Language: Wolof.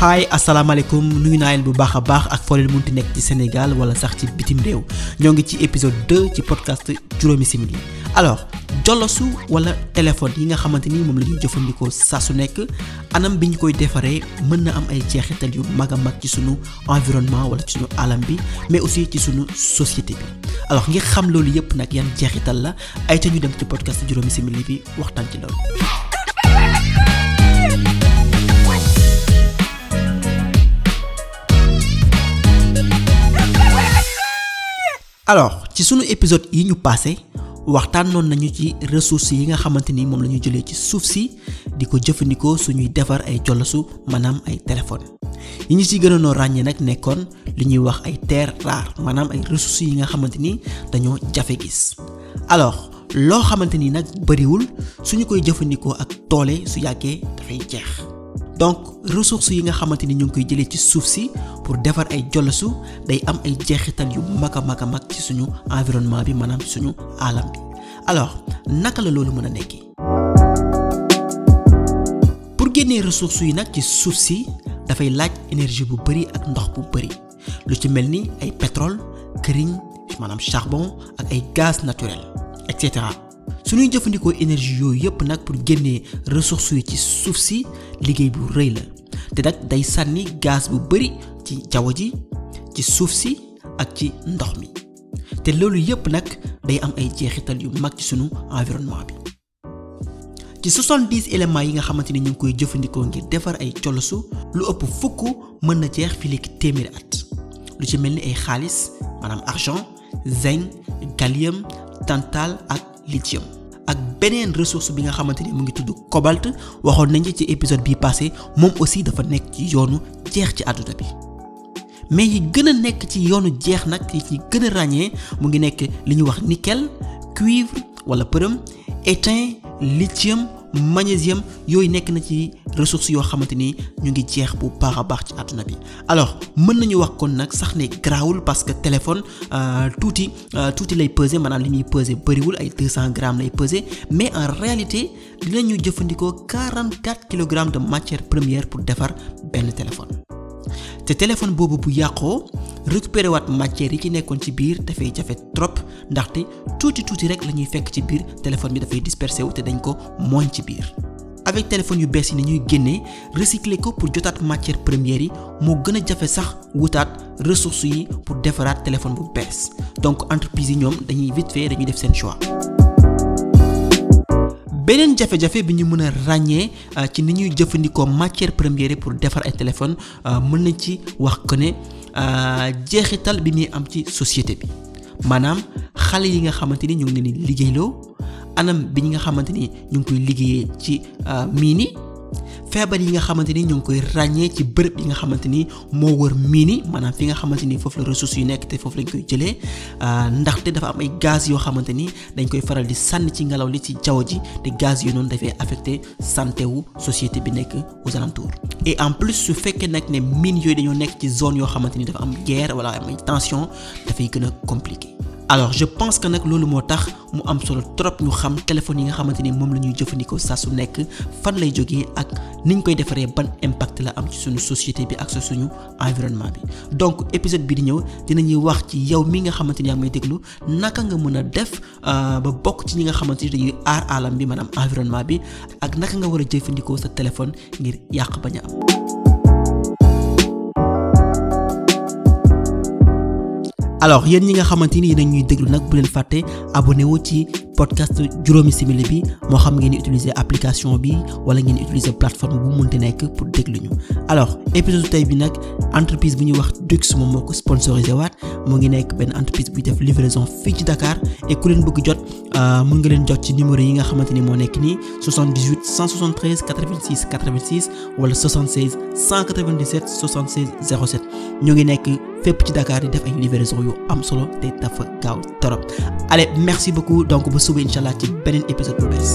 hi asalaamaaleykum nuyu naa leen bu baax a baax ak foo leen munti nekk ci Sénégal wala sax ci bitim réew ñoo ngi ci épisode 2 ci podcast juróomi simili alors jolosu wala téléphone yi nga xamante ni moom lañuy ñuy jëfandikoo sax su nekk anam bi ñu koy defaree mën na am ay jeexital yu mag a mag ci sunu environnement wala ci sunu alam bi mais aussi ci sunu société bi alors ngir xam loolu yëpp nag yan jeexital la ay ta ñu dem ci podcast juróomi simili bi waxtaan ci loolu. alors ci sunu épisode yi ñu waxtaan waxtaanoon nañu ci ressources yi nga xamante ni moom la ñu jëlee ci suuf si di ko jëfandikoo suñuy defar ay jolosu maanaam ay téléphone yi ñu ci gënoon a ràññee nag nekkoon li ñuy wax ay terres rares maanaam ay ressources yi nga xamante ni dañoo jafe gis alors loo xamante ni nag bariwul suñu koy jëfandikoo ak toole su yàggee dafay jeex. donc ressources yi nga xamante ni ñu ngi koy jëlee ci suuf si pour defar ay jolosu day am ay jeexital yu mag a mag a mag ci suñu environnement bi manaam ci suñu alam bi alors naka la loolu mën a nekkee pour génnee ressources yi nag ci suuf si dafay laaj énergie bu bëri ak ndox bu bëri lu ci mel ni ay pétrole këriñ maanaam charbon ak ay gaz naturel et cetera suñuy jëfandikoo énergie yooyu yëpp nag pour génnee ressources yi ci suuf si liggéey bu rëy la te nag day sànni gaz bu bari ci jaww ji ci suuf si ak ci ndox mi te loolu yëpp nag day am ay jeexital yu mag ci sunu environnement bi ci 70 éléments yi nga xamante ni ñu ngi koy jëfandikoo ngir defar ay colosu lu ëpp fukk mën na jeex fi téeméeri at lu ci mel ni ay xaalis maanaam argent zinc gallium tantal ak lithium beneen ressource bi nga xamante ni mu ngi tudd cobalt waxoon nañ ci épisode bi passé moom aussi dafa nekk ci yoonu jeex ci àdduna bi mais yi gën a nekk ci yoonu jeex nag yi ci gën a ràññee mu ngi nekk li ñuy wax nickel cuivre wala përëm étain lithium magnésium yooyu nekk na ci ressources yoo xamante ni ñu ngi jeex bu baax a baax ci àdduna bi alors mën nañu wax kon nag sax ne garaawul parce que téléphone euh, tuuti euh, tuuti lay peser maanaam li ñuy peser bëriwul ay 200 grammes lay peser mais en réalité ñu jëfandikoo 44 kilogrammes de matière première pour defar benn téléphone te téléphone boobu bu yàqoo. récupéré matière yi ci nekkoon ci biir dafay jafe trop ndaxte tuuti tuuti rek la ñuy fekk ci biir téléphone bi dafay dispersé wu te dañ ko mooñ ci biir. avec téléphone yu bees yi ni ñuy génnee recycler ko pour jotaat matière première yi moo gën a jafe sax wutaat ressources yi pour defaraat téléphone bu bees donc entreprise yi ñoom dañuy vite fait dañuy def seen choix. beneen jafe-jafe bi ñu mën a ràññee euh, ci ni ñuy jëfandikoo matière première yi pour defar ay téléphone euh, mën nañ ci wax que ne. Euh, jeexital bi muy am ci société bi maanaam xale yi nga xamante ni ñoo ngi leen di liggéeyloo anam bi ñi nga xamante ni ñu ngi koy liggéeyee ci euh, miin feebar yi nga xamante ni ñu ngi koy ràññee ci bërëb yi nga xamante ni moo wër miini maanaam fi nga xamante ni foofu la ressources yu nekk te foofu lañ koy jëlee euh, ndaxte dafa am ay gaz yoo xamante ni dañ koy faral di sànni ci ngelaw li ci jaww ji te gaz yooyu noonu dafay affecté santé wu société bi nekk aux et en plus su fekkee nag ne mine yooyu dañoo nekk ci zone yoo xamante ni dafa am guerre wala am ay tension dafay gën a compliqué alors je pense que nag loolu moo tax mu am solo trop ñu xam téléphone yi nga xamante ni moom lañuy jëfandikoo saa su nekk fan lay jógee ak ni koy defaree ban impact la am suñu société bi ak sa suñu environnement bi donc épisode bi di ñëw dinañuy wax ci yow mi nga xamante ni yaa ngi may déglu naka nga mën a def euh, ba bokk ci ñi nga xamante ni dañuy aar alam bi maanaam environnement bi ak naka nga war a jëfandikoo sa téléphone ngir yàq bañ a am alors yéen ñi nga xamante ni yéen ñuy déglu nag bu leen fàtte abonné wu ci podcast juróomi simili bi moo xam ngeen di utiliser application bi wala ngeen di utiliser plateforme bu munti nekk pour déglu ñu alors épisode tey bi nag entreprise bi ñuy wax Dux suma moo ko sponsorisé waat moo ngi nekk benn entreprise buy def livraison fii ci Dakar et ku leen bëgg jot. Euh, mën nga leen jot ci numéro yi nga xamante ni moo nekk nii 78 173 86 86 wala 76 197 76 07 ñu ngi nekk fépp ci Dakar di def ay livraison yu am solo te dafa gaaw torop allez merci beaucoup donc ba suba incha allah ci beneen épisode bu bees.